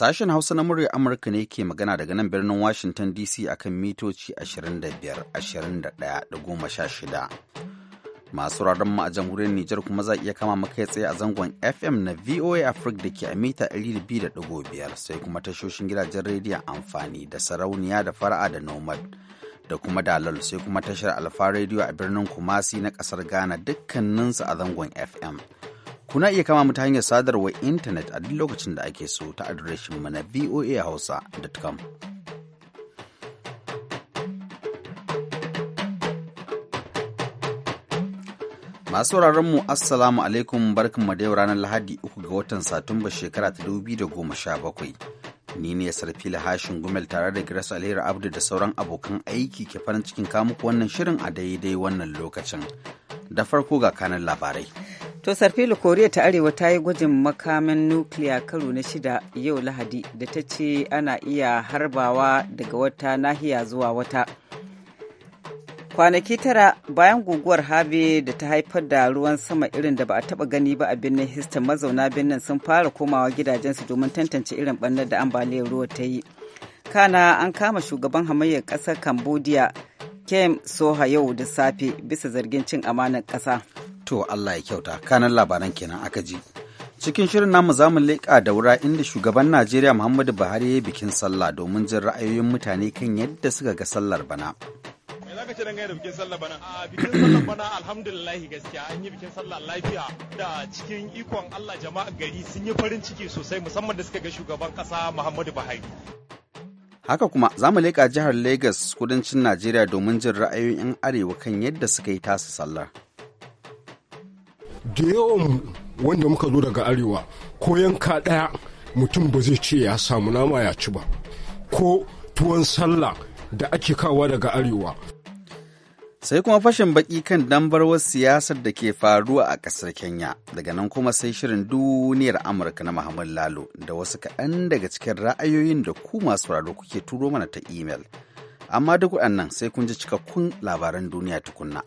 Sashen Hausa na murya Amurka ne ke magana daga nan birnin Washington DC akan mitoci 25-21-16. Masu raron mu a jamhuriyar Nijar kuma za iya kama maka tsaye a zangon FM na VOA Africa da ke a mita 200.5 sai kuma tashoshin gidajen rediyon amfani da sarauniya da fara'a da nomad da kuma dalal sai kuma tashar Alfa rediyo a birnin Kumasi na kasar Ghana dukkaninsu a zangon FM. Kuna iya kama mu ta hanyar sadarwar intanet a duk lokacin da ake so ta adireshin mu na voahausa.com. Masu mu Assalamu alaikum barkan da yau ranar Lahadi uku ga watan Satumba shekara ta dubi da goma sha bakwai Ni ne sarfi hashin gumel tare da Grace Alheri Abdu da sauran abokan aiki ke farin cikin kamuku wannan shirin a daidai wannan lokacin. Da farko ga kanan labarai. To Sarfilu Koriya ta Arewa ta yi gwajin makamin nukiliya karo na shida yau Lahadi da ta ce ana iya harbawa daga wata nahiya zuwa wata. Kwanaki tara bayan guguwar habe da ta haifar da ruwan sama irin da ba a taba gani ba a birnin Houston mazauna birnin sun fara komawa gidajensu domin tantance irin bannar da ambaliyar ruwa ta yi. Kana an kama shugaban hamayyar ƙasar Cambodia Kem Soha yau da safe bisa zargin cin amanar ƙasa. To Allah ya kyauta, kanan labaran kenan aka ji. Cikin shirin namu za mu leƙa da wura inda shugaban Najeriya Muhammadu Buhari ya yi bikin sallah domin jin ra'ayoyin mutane kan yadda suka ga sallar bana. zaka ce dangane da bikin sallah bana a bikin sallah bana alhamdulillahi gaskiya an yi bikin sallah lafiya da cikin ikon Allah jama'a gari sun yi farin ciki sosai musamman da suka ga shugaban kasa Muhammadu Buhari Haka kuma za mu leƙa jihar Lagos kudancin Najeriya domin jin ra'ayoyin 'yan arewa kan yadda suka yi tasa sallar. da yawan wanda muka zo daga arewa ko yanka ɗaya mutum ba zai ce ya samu nama ya ci ba ko tuwon sallah da ake kawa daga arewa sai kuma fashin baki kan dambarwar siyasar da ke faruwa a ƙasar kenya daga nan kuma sai shirin duniyar amurka na muhammad lalo da wasu kaɗan daga cikin ra'ayoyin da ku masu sauraro kuke turo mana ta imel amma duk waɗannan sai kun ji cikakkun labaran duniya tukunna.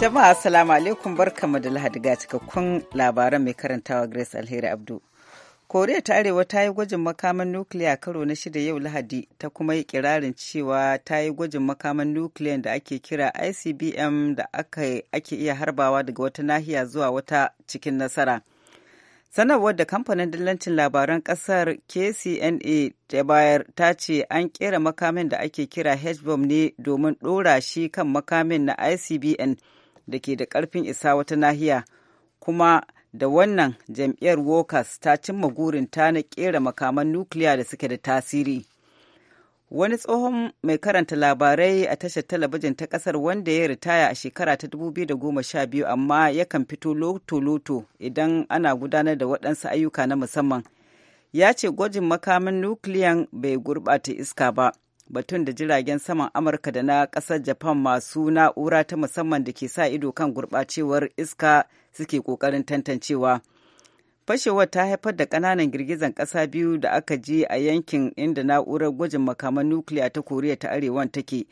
Jama'a assalamu alaikum barkamu da Lahadi ga cikakkun labaran mai karantawa Grace Alheri Abdu. Koriya ta Arewa ta yi gwajin makaman nukiliya karo na shida yau Lahadi ta kuma yi kirarin cewa ta yi gwajin makaman nukiliya da ake kira ICBM da ake, iya harbawa daga wata nahiya zuwa wata cikin nasara. sanarwar da kamfanin dillancin labaran kasar kcna ta bayar ta ce an kera makamin da ake kira hbom ne domin ɗora shi kan makamin na icbn da ke da ƙarfin isa wata nahiya kuma da wannan jam'iyyar Workers ta cimma gurin ta na ƙera makaman nukiliya da suke da tasiri. Wani tsohon mai karanta labarai a tashar talabijin ta ƙasar wanda ya ritaya a shekara ta 2012 amma yakan fito loto-loto idan ana gudanar da waɗansu ayyuka na musamman. Ya ce gwajin makamin nukiliyan bai gurɓata iska ba. batun da jiragen saman amurka da na ƙasar japan masu na'ura ta musamman da ke sa ido kan gurɓacewar iska suke ƙoƙarin tantancewa fashewar ta haifar da ƙananan girgizan ƙasa biyu da aka ji a yankin inda na'urar gwajin makaman nukiliya ta koriya ta arewan take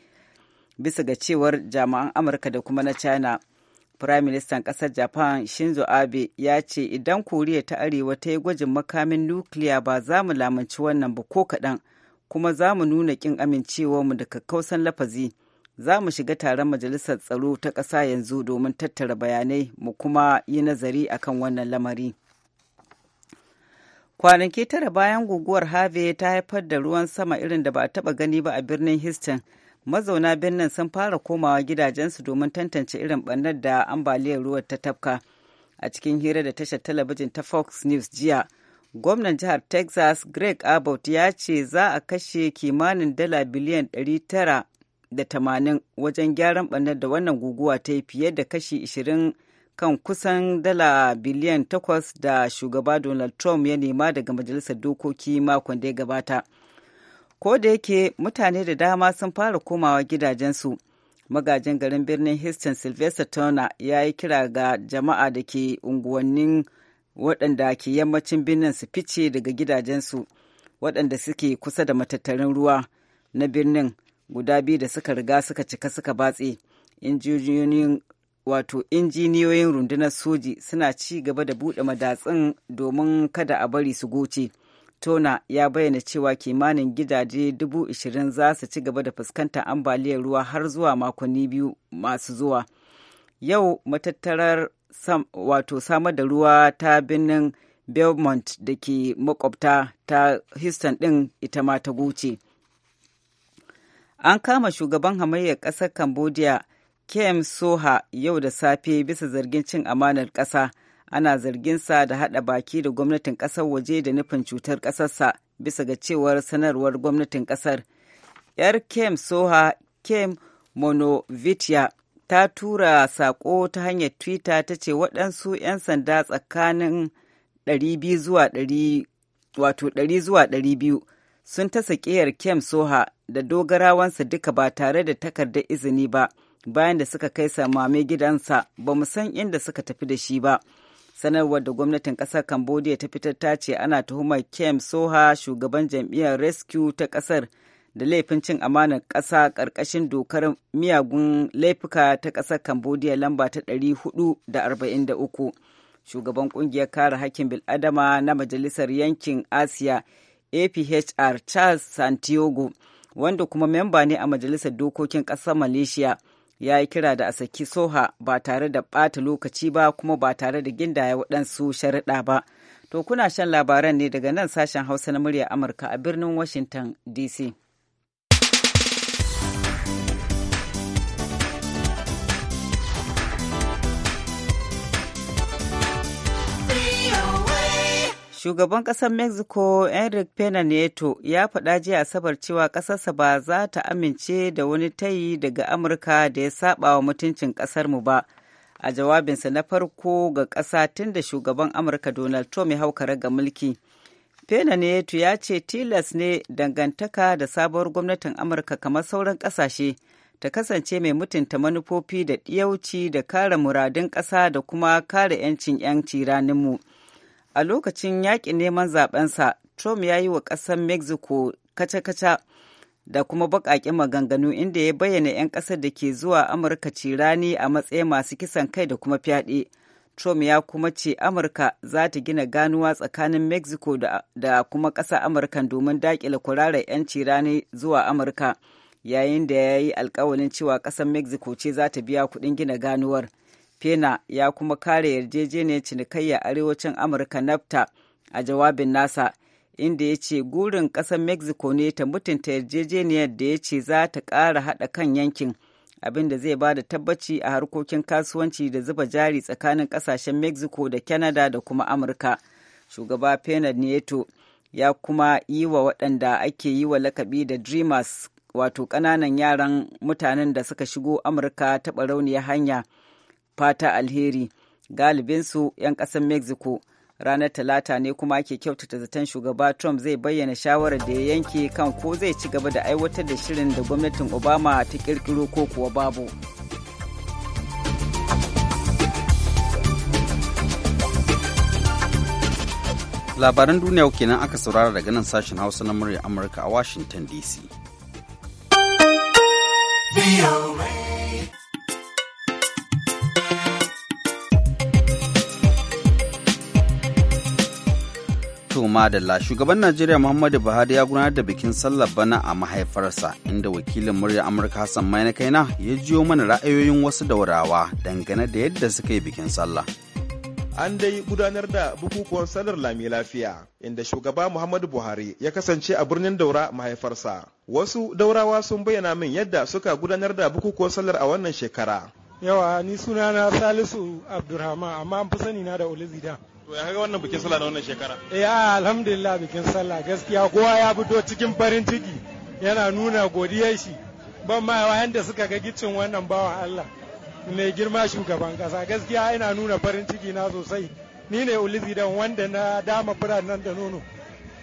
bisa ga cewar jami'an amurka da kuma na china Firaministan ƙasar Japan Shinzo Abe ya ce idan Koriya ta Arewa ta yi gwajin makamin nukiliya ba za mu lamunci wannan ba ko kaɗan kuma za mu nuna ƙin amincewarmu da kakkausan lafazi za mu shiga taron majalisar tsaro ta ƙasa yanzu domin tattara bayanai mu kuma yi nazari akan wannan lamari kwanaki tara bayan guguwar harvey ta haifar da ruwan sama irin da ba a taɓa gani ba a birnin houston mazauna birnin sun fara komawa gidajensu domin tantance irin ɓannar da ambaliyar ruwa ta tafka a cikin hira da tashar talabijin ta fox news jiya gwamnan jihar texas greg abbott ya ce za a kashe kimanin dala biliyan 980 wajen gyaran ɓannar da wannan guguwa ta yi fiye da kashi 20 kan kusan dala biliyan 8 da shugaba donald trump ya nema daga majalisar dokoki makon da ya gabata ko da yake mutane da dama sun fara komawa gidajensu magajin garin birnin houston sylvester turner ya yi kira ga jama'a da ke unguwannin waɗanda ke yammacin birnin su fice daga gidajensu waɗanda suke kusa da matattarin ruwa na birnin guda biyu da suka riga suka cika suka batse wato injiniyoyin rundunar soji suna ci gaba da buɗe madatsin domin kada a bari su goce tona ya bayyana cewa kimanin gidaje dubu ishirin za su ci gaba da fuskantar ambaliyar ruwa har zuwa makonni biyu masu zuwa yau matattarar wato samar da ruwa ta birnin belmont da ke makwabta ta houston ɗin ita ma ta goce an kama shugaban hamayyar ƙasar cambodia kem soha yau da safe bisa zargin cin amanar ƙasa ana zarginsa da haɗa baki da gwamnatin ƙasar waje da nufin cutar ƙasarsa bisa ga cewar sanarwar gwamnatin ƙasar yar kem soha kem monovitia ta tura saƙo ta hanyar twitter ta ce waɗansu 'yan sanda tsakanin 200 zuwa 100 zuwa 200 sun ta sakiyar kem soha da dogarawansa duka ba tare da takardar izini ba bayan da suka kai samame gidansa ba mu san inda suka tafi da shi ba sanarwar da gwamnatin ƙasar cambodia ta fitar ta ce ana tuhumar kem soha shugaban jam'iyyar rescue ta ƙasar da laifin cin amanar ƙasa ƙarƙashin dokar miyagun laifuka ta ƙasar cambodia lamba ta 443 shugaban ƙungiyar kare hakkin bil'adama na majalisar yankin asiya aphr charles santiago wanda kuma memba ne a majalisar dokokin ƙasar malaysia ya yi kira da a saki soha ba tare da ɓata lokaci ba kuma ba tare da gindaya waɗansu sharaɗa ba to kuna shan labaran ne daga nan sashen hausa na murya amurka a birnin washington dc Shugaban ƙasar Mexico Enrique Pena Nieto ya faɗa jiya Asabar cewa ƙasarsa ba za ta amince da wani tayi daga Amurka da ya saba wa mutuncin ƙasarmu ba. A jawabinsa na farko ga ƙasa tun da shugaban Amurka Donald Trump ya haukara ga mulki. Pena Nieto ya ce tilas ne dangantaka da sabuwar gwamnatin Amurka kamar sauran ƙasashe. ta kasance mai mutunta manufofi da ɗiyauci da kare muradun ƙasa da kuma kare 'yancin 'yanci mu. a lokacin yaƙin neman zaɓensa trump ya yi wa ƙasar mexico kaca-kaca da kuma baƙaƙe maganganu inda ya bayyana 'yan ƙasar da ke zuwa amurka cirani a matsayin masu kisan kai da kuma fyaɗe trump ya kuma ce amurka za ta gina ganuwa tsakanin mexico da, kuma ƙasar amurka domin daƙile kwararar 'yan rani zuwa amurka yayin da ya yi alkawalin cewa ƙasar mexico ce za ta biya kuɗin gina ganuwar Pena ya kuma kare yarjejeniyar cinikayya arewacin Amurka NAFTA a jawabin nasa, inda ya ce gurin ƙasar Mexico ne ta mutunta yarjejeniyar da ya ce za ta ƙara haɗa kan yankin, abin da zai ba da tabbaci a harkokin kasuwanci da zuba jari tsakanin ƙasashen Mexico da Canada da kuma Amurka. Shugaba Pena Nieto ya kuma yi wa waɗanda ake yi wa lakabi da Dreamers wato ƙananan yaran mutanen da suka shigo Amurka taɓa barauniyar hanya. fata alheri galibinsu 'yan ƙasar mexico ranar talata ne kuma ake kyautata zaton shugaba trump zai bayyana shawarar da ya yanke kan ko zai ci gaba da aiwatar da shirin da gwamnatin obama ta kirkiro ko kuwa babu labaran duniya kenan aka saurara daga nan sashen hausa na murya amurka a washington dc Madalla shugaban Najeriya Muhammadu Buhari ya gudanar da bikin sallar bana a mahaifarsa inda wakilin murya Amurka Hassan Maina Kaina ya jiyo mana ra'ayoyin wasu daurawa dangane da yadda suka yi bikin sallah. An dai gudanar da bukukuwan sallar lami lafiya inda shugaba Muhammadu Buhari ya kasance a birnin Daura mahaifarsa. Wasu daurawa sun bayyana min yadda suka gudanar da bukukuwan sallar a wannan shekara. Yawa ni sunana Salisu Abdulrahman amma an fi sani na da Olizida. To ya ga wannan bikin sallah na wannan shekara? Eh ah, alhamdulillah bikin sallah gaskiya kowa ya fito cikin farin ciki yana nuna godiyar shi ban ma yanda suka ga gicin wannan bawan Allah mai girma shugaban kasa gaskiya ina nuna farin ciki na sosai ni ne ulizi dan wanda na dama furan nan da nono.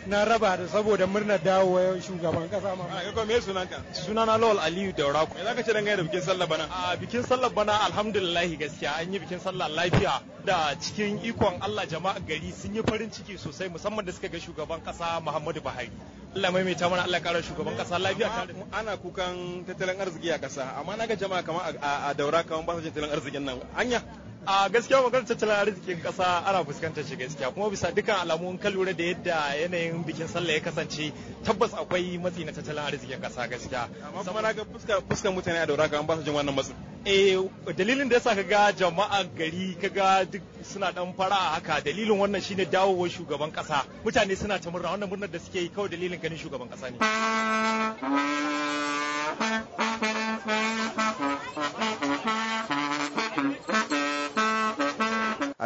na raba da saboda murnar dawowa yau shugaban kasa ma. Ah, ga me sunanka? Sunana Lawal Aliyu Daura. Me zaka ce dan da bikin sallah bana? A ah, bikin sallah bana alhamdulillah gaskiya an yi bikin sallah lafiya da cikin ikon Allah jama'a gari sun yi farin ciki sosai musamman da suka ga shugaban kasa Muhammadu Buhari. Allah mai mai mana Allah kara shugaban kasa lafiya tare. Ana kukan tattalin arziki a kasa amma naga jama'a kamar a daura kamar ba su jin tattalin arzikin nan. Anya a gaskiya maganar tattalin arzikin kasa ana fuskantar shi gaskiya kuma bisa dukkan alamun kan lura da yadda yanayin bikin sallah ya kasance tabbas akwai matsi na tattalin arzikin kasa gaskiya amma na ga fuska fuskan mutane a daura ka an ba su jin wannan matsi eh dalilin da yasa ga jama'a gari ka ga duk suna dan fara haka dalilin wannan shine dawowar shugaban kasa mutane suna ta murna wannan murnar da suke yi kawai dalilin ganin shugaban kasa ne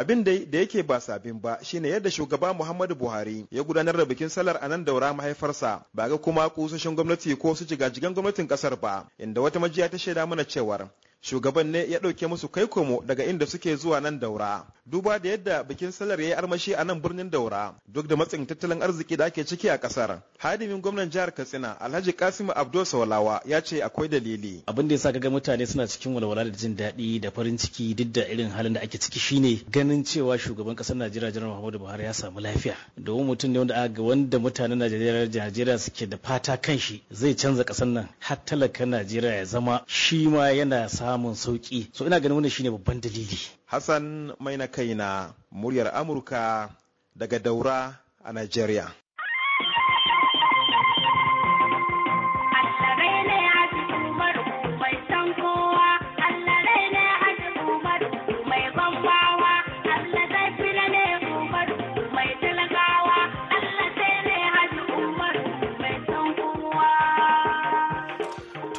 abin da yake ba sabin ba shine yadda shugaba muhammadu buhari ya gudanar da bikin sallar a nan daura mahaifarsa ba ga kuma kusoshin gwamnati ko su jigajigan gwamnatin kasar ba inda wata majiya ta shaida mana cewar shugaban ne ya ɗauke musu kai komo daga inda suke zuwa nan daura duba da yadda bikin salar ya yi armashi a nan birnin daura duk da matsin tattalin arziki da ake ciki a ƙasar hadimin gwamnan jihar katsina alhaji kasimu abdul sawalawa ya ce akwai dalili abin da ya sa kaga mutane suna cikin walwala da jin daɗi da farin ciki duk da irin halin da ake ciki shine ganin cewa shugaban ƙasar najeriya jiran muhammadu buhari ya samu lafiya domin mutum ne wanda aka wanda mutanen najeriya suke da fata kan shi zai canza ƙasar nan har talaka najeriya ya zama shi ma yana sa samun sauƙi so ina ganin wannan shine babban dalili hassan mai na kaina muryar amurka daga daura a nigeria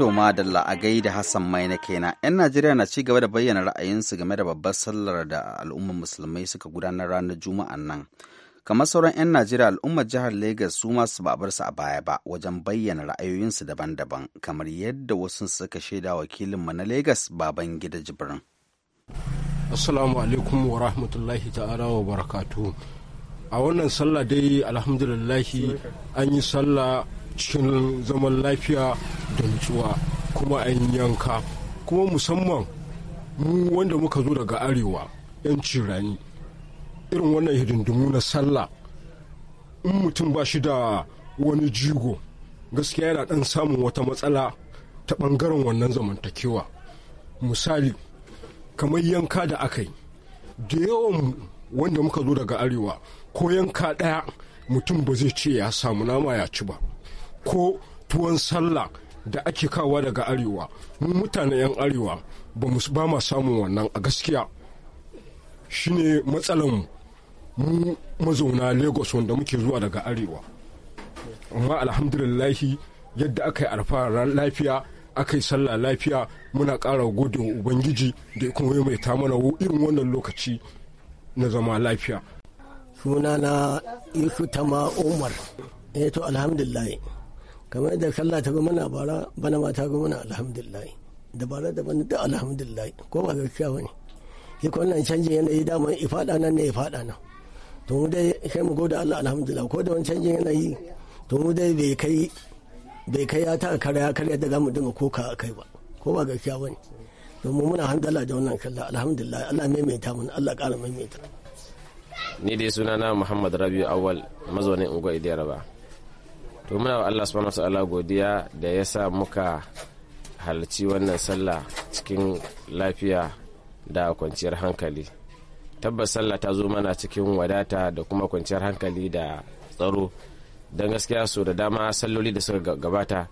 To madalla a gaida da Hassan mai na kena 'Yan Najeriya na ci gaba da bayyana ra'ayinsu game da babbar sallar da al'ummar musulmai suka gudanar ranar Juma'a nan. Kamar sauran 'yan Najeriya al'ummar jihar lagos su masu ba bar su a baya ba wajen bayyana ra'ayoyinsu daban-daban kamar yadda wasu suka shaida wakilinmu na lagos baban gida Jibrin. Assalamu alaikum wa rahmatullahi ta'ala wa barakatu. A wannan sallah dai alhamdulillahi an yi sallah cikin zaman lafiya da nutsuwa kuma an yanka kuma musamman mu wanda muka zo daga arewa 'yancin rani irin wannan hidindimu na sallah in mutum ba shi da wani jigo gaskiya yana ɗan samun wata matsala ta ɓangaren wannan zamantakewa misali kamar yanka da aka yi da yawan wanda muka zo daga arewa ko yanka ɗaya mutum ba zai ce ya samu nama ya ci ba ko tuwon sallah da ake kawa daga arewa mu mutane 'yan arewa ba ma samun wannan a gaskiya shine matsalan mu mazauna lagos wanda muke zuwa daga arewa amma alhamdulillahi yadda aka yi alfahar lafiya aka yi sallah lafiya muna ƙara gode ubangiji da ya kuma ta mana irin wannan lokaci na zama lafiya sunana yusuf tama umar eh to alhamdulillah kamar yadda kalla ta mana bara bana ma ta mana alhamdulillah da bara da bana da alhamdulillah ko ba gaskiya bane shi ko wannan canjin yanayi dama ifada nan ne ifada nan to mu dai kai mu goda Allah alhamdulillah ko da wani canjin yanayi to mu dai bai kai bai kai ya ta karya karya da zamu dinga koka a kai ba ko ba gaskiya bane mu muna handala da wannan kalla alhamdulillah Allah maimaita mun Allah ƙara maimaita ni dai sunana Muhammad Rabi'u Awal mazaunin Ungwa Idiyaraba to muna wa Allah subhanahu wataala godiya da ya sa muka halarci wannan sallah cikin lafiya da kwanciyar hankali tabbas sallah ta zo mana cikin wadata da kuma kwanciyar hankali da tsaro don gaskiya so da dama salloli da suka gabata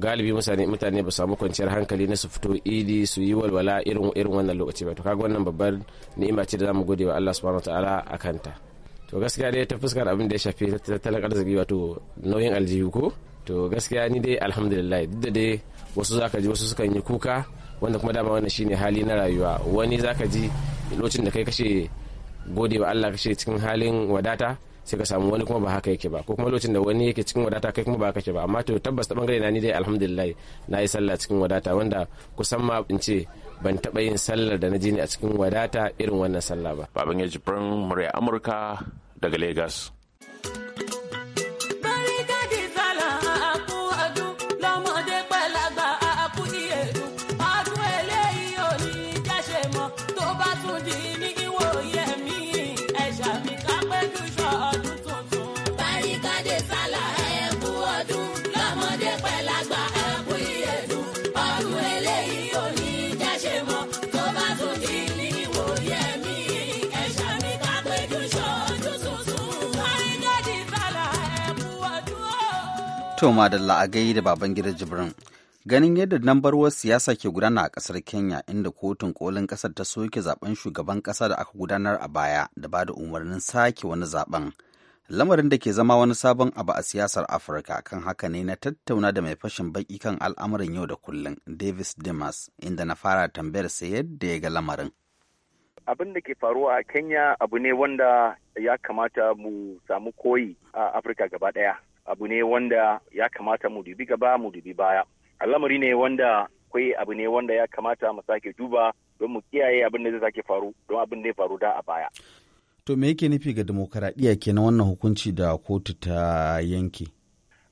galibi mutane ba samu kwanciyar hankali na su fito idi su yi walwala irin irin wannan lokaci ba to kaga wannan babbar ni'ima ce da mu gode wa Allah subhanahu a akanta to gaskiya dai ta fuskar abin da ya shafi tattalin arziki wato nauyin aljihu ko to gaskiya ni dai alhamdulillah duk da dai wasu zaka ji wasu sukan yi kuka wanda kuma dama wannan shine hali na rayuwa wani zaka ji lokacin da kai kashe gode wa Allah kashe cikin halin wadata sai ka samu wani kuma ba haka yake ba ko kuma lokacin da wani yake cikin wadata kai kuma ba haka yake ba amma to tabbas ta bangare na ni dai alhamdulillah na yi sallah cikin wadata wanda kusan ma in ce ban taba yin sallar da na ji ni a cikin wadata irin wannan sallah ba. Baban ya jibrin murya Amurka daga Lagos. To madalla a gai da baban gidan Jibrin. Ganin yadda lambarwar siyasa ke gudana a kasar Kenya inda kotun kolin ƙasar ta soke zaben shugaban ƙasa da aka gudanar a baya da ba da umarnin sake wani zaben. Lamarin da ke zama wani sabon abu a siyasar Afirka kan haka ne na tattauna da mai fashin baki kan al'amuran yau da kullum Davis Dimas inda na fara tambayar sa yadda ya ga lamarin. Abin da ke faruwa a Kenya abu ne wanda ya kamata mu samu koyi a Afirka gaba ɗaya. abu ne wanda ya kamata mu dubi gaba mu dubi baya al'amari ne wanda akwai abu ne wanda ya kamata mu sake duba don mu kiyaye abin da zai sake faru don abin da ya faru da a baya to me yake nufi ga demokaradiyya kenan wannan hukunci da kotu ta yanke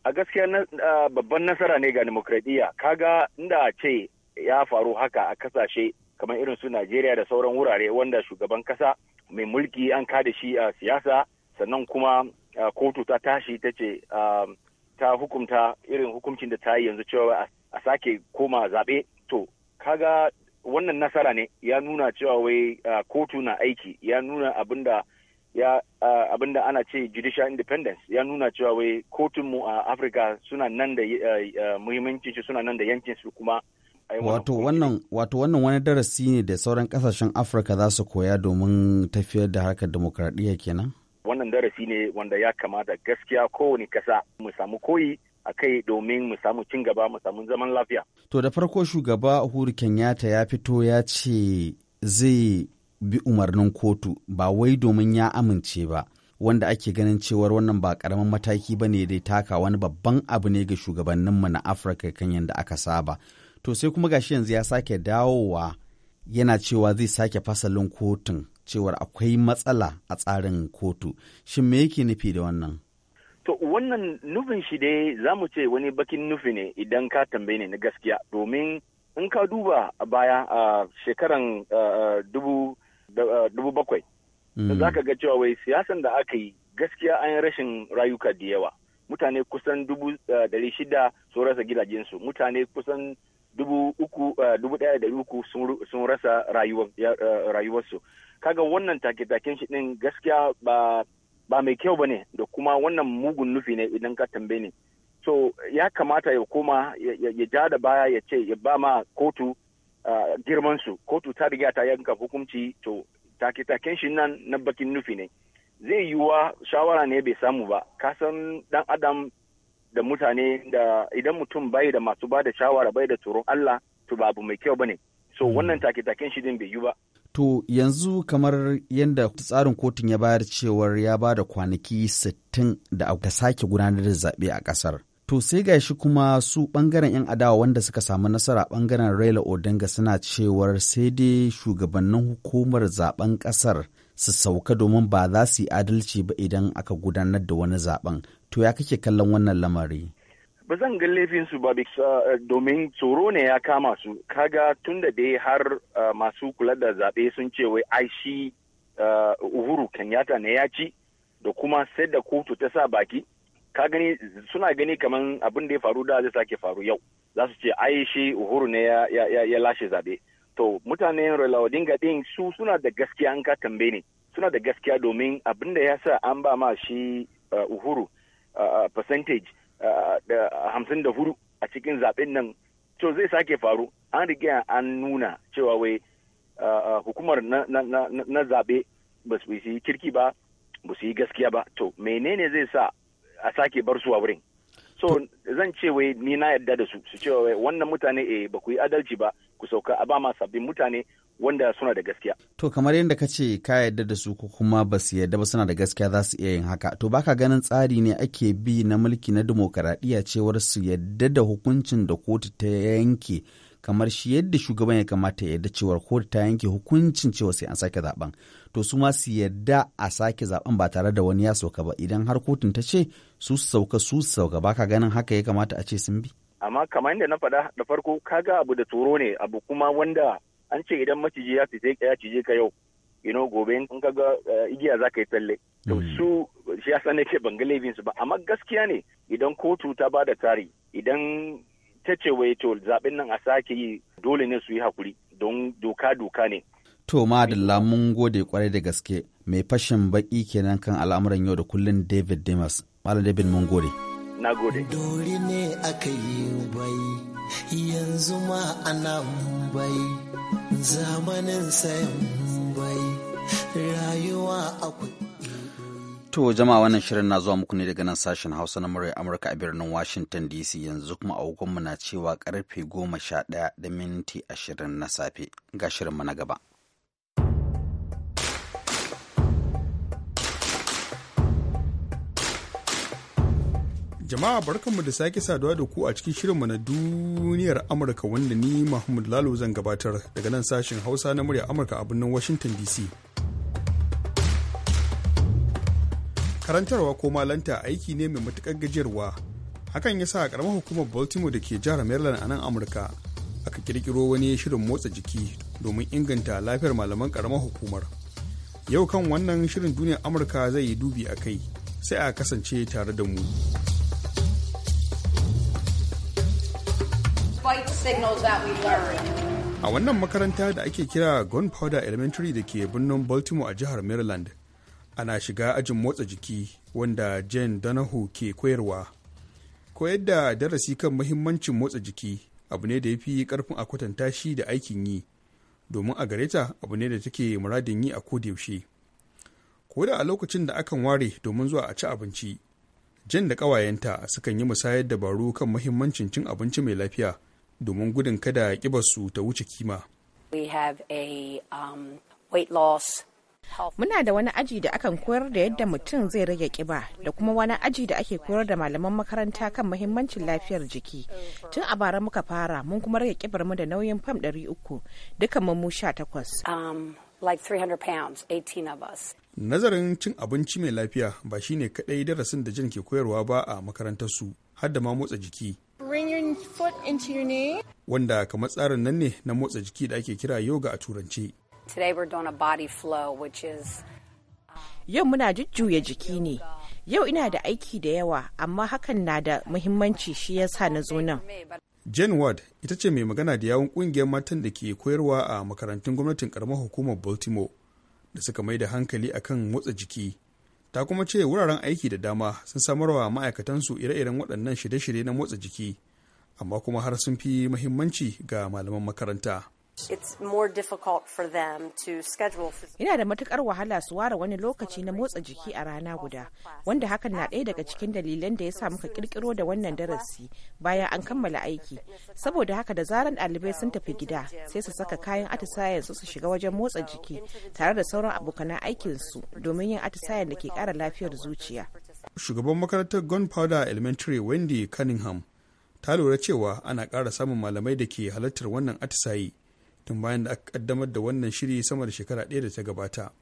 a gaskiya babban nasara ne ga demokaradiyya kaga inda a ce ya faru haka a kasashe kamar irin su Najeriya da sauran wurare wanda shugaban kasa mai mulki an kada shi a siyasa sannan kuma kotu ta tashi ta ce ta hukumta irin hukuncin da ta yi yanzu cewa a sake koma zaɓe to kaga wannan nasara ne ya nuna cewa wai kotu na aiki ya nuna abinda ya abinda ana ce judicial independence ya nuna cewa wai kotunmu a afirka suna nan da muhimmancin su suna nan da yankin su kuma wato wannan wato wannan wani darasi ne da sauran kasashen afirka za su koya domin tafiyar da harkar demokradiyya kenan wannan darasi ne wanda ya kamata gaskiya kowane kasa mu samu koyi a kai domin mu samu cin gaba mu samu zaman lafiya. To da farko shugaba Uhuru Kenyatta ya fito ya ce zai bi umarnin kotu ba wai domin ya amince ba. Wanda ake ganin cewar wannan ba karamin mataki ba ne dai taka wani babban abu ne ga shugabanninmu na Afirka kan yadda aka saba. To sai kuma gashi yanzu ya sake dawowa yana cewa zai sake fasalin kotun cewar akwai matsala a tsarin kotu shin me yake nufi da wannan To wannan nufin shi dai za mu ce wani bakin nufi ne idan ka tambaye ne na gaskiya domin in ka duba a baya a shekaran dubu bakwai. Mm. Za ka ga cewa wai siyasan da aka yi gaskiya an yi rashin rayuka da yawa. Mutane kusan dubu dari shida sun rasa gidajensu, mutane kusan dubu eh, sun rasa eh, rayuwarsu kaga wannan take-taken shi ɗin gaskiya ba mai kyau ba ne da kuma wannan mugun nufi ne idan ka tambaye ne so ya kamata ya koma ya ja da baya ya ce ya ba ma kotu eh, girmansu kotu ta riga ta yanka hukunci to take-taken shi nan na bakin nufi ne zai yiwuwa shawara ne bai samu ba kasan dan adam da mutane da idan mutum bai da masu ba da shawara bai da tsoron Allah to ba abu mai kyau bane so hmm. wannan take-taken shi din bai yi ba to yanzu kamar yadda tsarin kotun ya bayar cewar ya ba da kwanaki 60 da aka sake gudanar da zaɓe a ƙasar to sai ga kuma su ɓangaren 'yan adawa wanda suka samu nasara ɓangaren raila odinga suna cewar sai dai shugabannin hukumar zaben ƙasar su sauka domin ba za su yi adalci ba idan aka gudanar da wani zaben To ya kake kallon wannan lamari? ba zan ga laifinsu ba uh, uh, domin tsoro ne ya kama su kaga tun da dai har uh, masu kula da zaɓe sun ce wai ai shi uhuru kenyatta ne ya ci da kuma sai da kotu ta sa baki ka gani suna gani kamar abin da ya faru da zai sake faru yau za su ce ai shi uhuru ne ya, lashe zaɓe to mutane raila odinga din su suna da gaskiya an ka tambaye ne suna da gaskiya domin abin da ya sa an ba ma shi uhuru percentage hamsin da hudu a cikin zaben nan to zai sake faru an riga an nuna cewa wai hukumar na zaɓe ba su yi kirki ba ba su yi gaskiya ba to menene zai sa a sake bar su a wurin so zan ce wai ni na yarda da su su ce wai wannan mutane eh ba ku yi adalci ba ku sauka a ba ma sabbin mutane wanda suna da gaskiya. To kamar yadda ka ce ka yarda da su ko kuma ba su yarda ba suna da gaskiya za su iya yin haka. To baka ganin tsari ne ake bi na mulki na dimokuraɗiyya cewar su yarda da hukuncin da kotu ta yanke kamar shi yadda shugaban ya kamata ya yarda cewar kotu ta yanke hukuncin cewa sai an sake zaben. To su ma su yarda a sake zaben ba tare da wani ya sauka ba idan har kotun ta ce su sauka su sauka baka ganin haka ya kamata a ce sun bi. Amma kamar yadda na faɗa da farko kaga abu da tsoro ne abu kuma wanda an ce idan maciji ya fita ya cije ka yau you know gobe in ka ga eh, igiya za ka yi tsalle to mm. su shi ya ne ke banga laifin su ba amma gaskiya ne idan kotu ta ba da tari idan ta ce wai to zaɓen nan a sake yi dole ne su yi hakuri don doka doka ne To madalla lamun gode kwarai da gaske mai fashin baki kenan kan al'amuran yau da kullun David demas Malam David mun gode. na gode dori ne aka yi bai yanzu ma ana bai zamanin sayan bai rayuwa akwai To jama wannan shirin na zuwa muku ne daga nan sashen Hausa na murya Amurka a birnin Washington DC yanzu kuma hukunmu na cewa karfe goma sha ɗaya da minti ashirin na safe ga shirinmu na gaba. Jama'a barkanmu da sake saduwa da ku a cikin shirinmu na duniyar Amurka wanda ni Mahmud Lalo zan gabatar daga nan sashen Hausa na murya Amurka a birnin Washington DC. Karantarwa ko malanta aiki ne mai matuƙar gajiyarwa. Hakan ya sa ƙaramar hukumar Baltimore da ke jihar Maryland a nan Amurka aka ƙirƙiro wani shirin motsa jiki domin inganta lafiyar malaman ƙaramar hukumar. Yau kan wannan shirin duniyar Amurka zai yi dubi a kai sai a kasance tare da mu. signals that we learned. A wannan makaranta da ake kira Gunpowder Elementary da ke birnin Baltimore a jihar Maryland, ana shiga ajin motsa jiki wanda Jane Donahue ke koyarwa. Koyar da darasi kan mahimmancin motsa jiki abu ne da ya fi karfin a kwatanta shi da aikin yi, domin a gareta abu ne da take muradin yi a kodayaushe. Ko da a lokacin da akan ware domin zuwa a ci abinci, Jane da ƙawayenta sukan yi musayar dabaru kan mahimmancin cin abinci mai lafiya domin gudun kada su ta wuce kima. Um, Muna da wani aji da akan koyar da yadda mutum zai rage kiba da kuma wani aji da ake koyar da malaman makaranta kan mahimmancin lafiyar jiki. Tun a bara muka fara mun kuma rage kibar mu da nauyin fam 300 dukan mu 18. Um, Nazarin cin abinci mai lafiya ba shine kadai darasin da jin ke koyarwa ba a makarantarsu, har da ma motsa jiki. Bring your foot into your knee. Wanda kamar tsarin nan ne na motsa jiki da ake kira yoga a turance. Today we're doing a body flow which is uh, Yau muna jujjuya jiki ne. Yau ina da aiki da yawa amma hakan na da muhimmanci shi yasa na zo nan. Jane Ward ita ce mai magana da yawun kungiyar matan da ke koyarwa a makarantun gwamnatin karamar hukumar Baltimore da suka mai da hankali akan motsa jiki. ta kuma ce wuraren aiki da dama sun samarwa ma'aikatansu ire-iren waɗannan shirye-shirye na motsa jiki amma kuma har sun fi muhimmanci ga malaman makaranta. Yana da matukar wahala su ware wani lokaci na motsa jiki a rana guda, wanda hakan na ɗaya daga cikin dalilan da ya sa muka kirkiro da wannan darasi bayan an kammala aiki. Saboda haka da zaran ɗalibai sun tafi gida sai su saka kayan atisayen su su shiga wajen motsa jiki tare da sauran abokanan aikinsu domin yin atisayen da ke ƙara lafiyar zuciya. Shugaban makarantar Gunpowder Elementary Wendy Cunningham ta lura cewa ana ƙara samun malamai da ke halartar wannan atisaye. tun bayan da aka kaddamar da wannan shiri sama da shekara ɗaya da ta gabata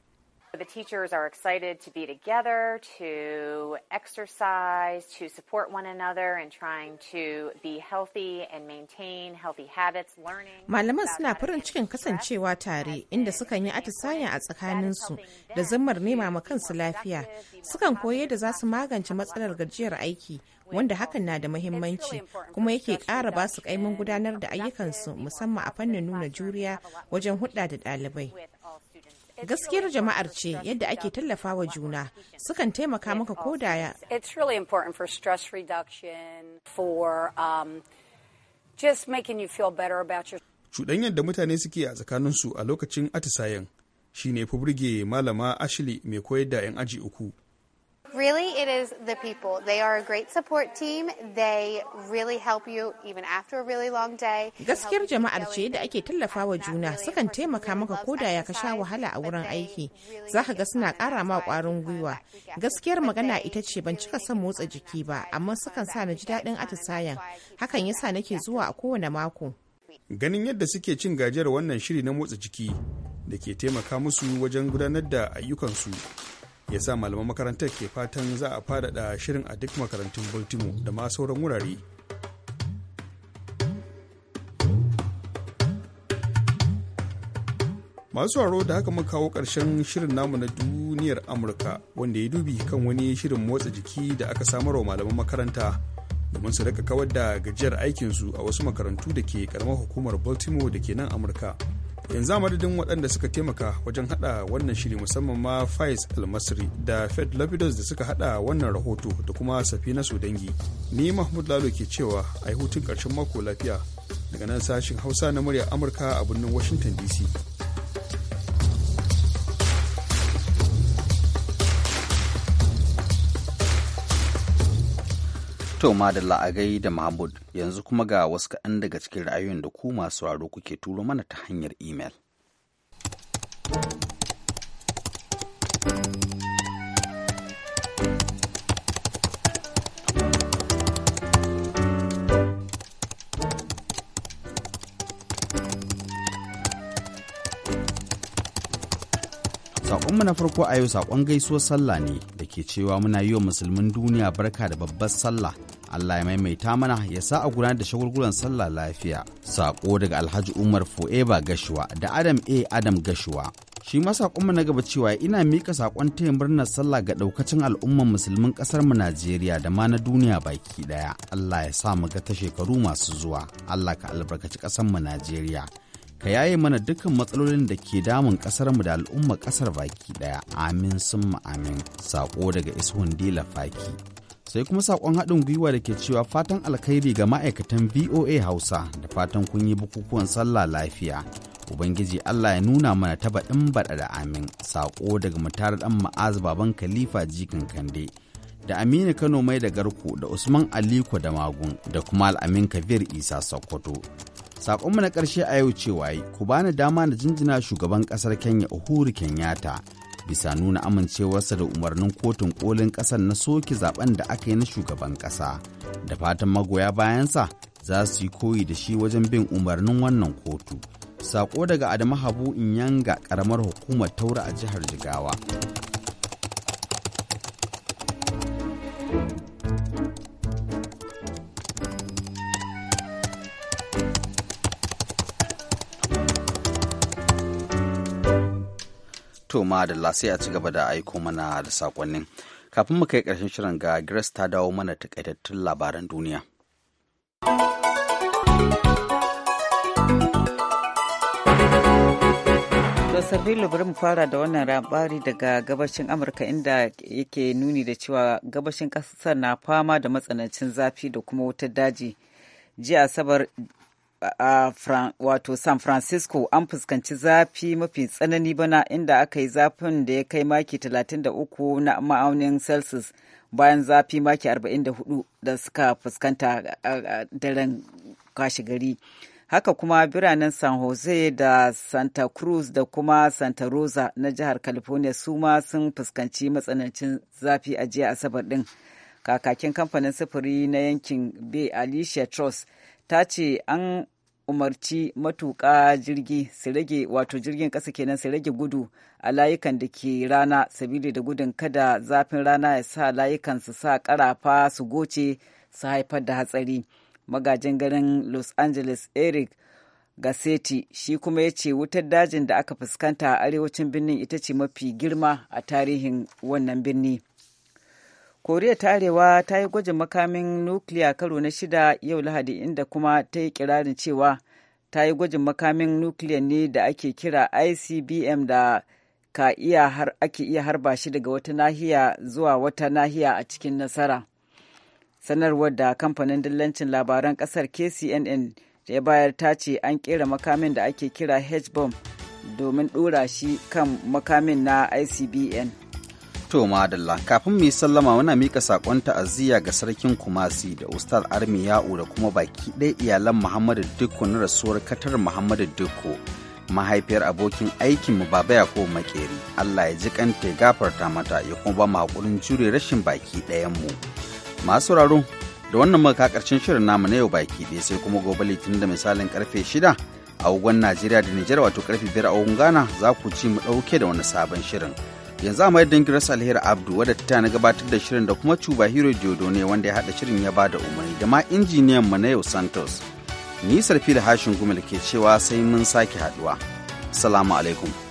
The teachers are excited to be together, to exercise, to support one another and trying to be healthy and maintain healthy habits, learning. Malaman suna farin cikin kasancewa tare inda sukan yi atisaya a tsakaninsu da zammar nema ma kansu lafiya. Sukan koyi yadda za su magance matsalar gajiyar aiki wanda hakan na da mahimmanci kuma yake ƙara ba su kaimin gudanar da ayyukansu musamman a fannin nuna juriya wajen hulɗa da ɗalibai. gaskiyar jama'ar ce yadda ake tallafawa juna sukan taimaka maka ko daya it's really important for stress reduction for um, just making you feel better about your cuɗanyar da mutane suke a tsakaninsu a lokacin atisayen shine fi malama ashili mai koyar da 'yan aji uku Really, it is the people. They are a great support team. They really help you even after a really long day. Gaskiyar jama'ar ce da ake tallafawa juna sukan taimaka maka ko da ya ka sha wahala a wurin aiki. Za ka ga suna ƙara ma ƙwarin gwiwa. Gaskiyar magana ita ce ban cika son motsa jiki ba, amma sukan sa na ji daɗin atisayen. Hakan yasa nake zuwa a kowane mako. Ganin yadda suke cin gajiyar wannan shiri na motsa jiki da ke taimaka musu wajen gudanar da ayyukansu. ya sa malaman makarantar ke fatan za a faɗaɗa shirin a duk makarantun baltimore da ma sauran wurare masu haro da haka muka kawo ƙarshen shirin namu na duniyar amurka wanda ya dubi kan wani shirin motsa jiki da aka samarwa malaman makaranta domin su rika kawar da gajiyar aikinsu a wasu makarantu da ke karamar hukumar baltimore da ke nan amurka yanzu a madadin waɗanda suka taimaka wajen hada wannan shiri musamman ma faiz almasri da fed Lapidus da suka hada wannan rahoto da kuma safi na dangi ni mahmud lalo ke cewa a hutun ƙarshen mako lafiya daga nan sashin hausa na murya amurka a birnin washington dc To madalla a gai da Mahmud yanzu kuma ga wasu kaɗan daga cikin ra'ayoyin da ku masu sauraro kuke turo mana ta hanyar imel. mu na farko a yau sakon gaisuwar sallah ne da ke cewa muna yi wa musulmin duniya barka da babbar sallah. Allah ya maimaita mana ya sa a gudanar da shagulgulan sallah lafiya. Sako daga Alhaji Umar Fo'eba Gashuwa da Adam A. Adam Gashuwa. Shi ma sakonmu na gaba cewa ina mika sakon taya murnar sallah ga ɗaukacin al'umman musulmin ƙasar mu Najeriya da ma na duniya baki ɗaya Allah ya sa mu ga ta shekaru masu zuwa. Allah ka albarkaci ƙasar mu Najeriya. ka yaye mana dukkan matsalolin da ke damun ƙasarmu da al'umma kasar baki daya amin sun amin saƙo daga ishun dila faki sai kuma sakon haɗin gwiwa da ke cewa fatan alkhairi ga ma'aikatan voa hausa da fatan kun yi bukukuwan sallah lafiya ubangiji allah ya nuna mana taba in baɗa da amin sako daga mutarar dan ma'az baban khalifa jikin kande da Aminu Kano mai da garko da Usman Aliko da Magun da kuma Al'amin Kabir Isa Sokoto. Saƙonmu na ƙarshe a yau cewa ku bani dama na jinjina shugaban ƙasar Kenya Uhuru Kenyatta bisa nuna amincewarsa da umarnin kotun kolin ƙasar na soke zaben da aka yi na shugaban ƙasa. Da fatan magoya bayansa za su yi koyi da shi wajen bin umarnin wannan kotu. Saƙo daga Adamu Habu in yanga ƙaramar hukumar Taura a jihar Jigawa. to ma da sai a ci gaba da aiko mana da sakonnin kafin mu kai karshen shirin ga grace ta dawo mana takaitattun labaran duniya Sabilo bari mu fara da wannan labari daga gabashin Amurka inda yake nuni da cewa gabashin ƙasa na fama da matsanancin zafi da kuma wutar daji. jiya asabar a wato san francisco an fuskanci zafi mafi tsanani bana inda aka yi zafin da ya kai maki 33 na ma'aunin celsius bayan zafi maki 44 da suka fuskanta a daren kashi gari haka kuma biranen san jose da santa cruz da kuma santa rosa na jihar california su ma sun fuskanci matsanancin zafi a jiya asabar din kakakin kamfanin sufuri na yankin bay alicia trust ta ce an umarci matuƙa jirgi su rage wato jirgin ƙasa kenan su rage gudu a layukan da ke rana sabili da gudun kada zafin rana ya sa layukan su sa karafa su goce su haifar da hatsari magajin garin los angeles eric gaseti shi kuma ya ce wutar dajin da aka fuskanta a arewacin birnin ita ce mafi girma a tarihin wannan birni. koriya ta arewa ta yi gwajin makamin nukiliya karo na shida yau lahadi inda kuma ta yi kirarin cewa ta yi gwajin makamin nukiliya ne da ake kira icbm da ka iya har ake iya harba shi daga wata nahiya zuwa wata nahiya a cikin nasara sanarwar da kamfanin dillancin labaran kasar kcnn da ya bayar ta ce an kera makamin da ake kira h-bomb domin dora shi kan makamin na icbn To madalla kafin mu yi sallama muna mika sakon ta'aziyya ga sarkin Kumasi da Ustaz Armi Ya'u da kuma baki ɗaya iyalan Muhammadu Dukku na rasuwar Katar Muhammadu Dukku mahaifiyar abokin aikin mu Baba Yakubu Makeri. Allah ya ji kanta ya gafarta mata ya kuma ba mu hakurin jure rashin baki ɗayan mu. Masu raro da wannan muka karshen shirin namu na yau baki ɗaya sai kuma gobe litinin da misalin karfe shida a Najeriya da Nijar wato karfe biyar a Ghana za ku ci mu ɗauke da wani sabon shirin. yanzu a madadin Grace Alheri Abdu wadda ta na gabatar da shirin da kuma Cuba Hero Jodo ne wanda ya haɗa shirin ya bada umarni da ma injiniyan mu na yau Santos. Ni fili Hashin Gumal ke cewa sai mun sake haɗuwa. Salamu alaikum.